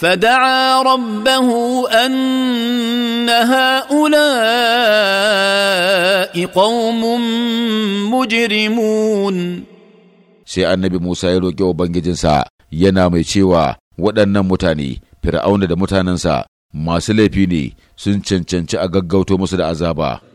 فدعا ربه ان هؤلاء قوم مجرمون sai annabi Musa ya roƙi Ubangijinsa yana mai cewa waɗannan mutane fir'auna da mutanensa masu laifi ne sun cancanci a gaggauto musu da azaba.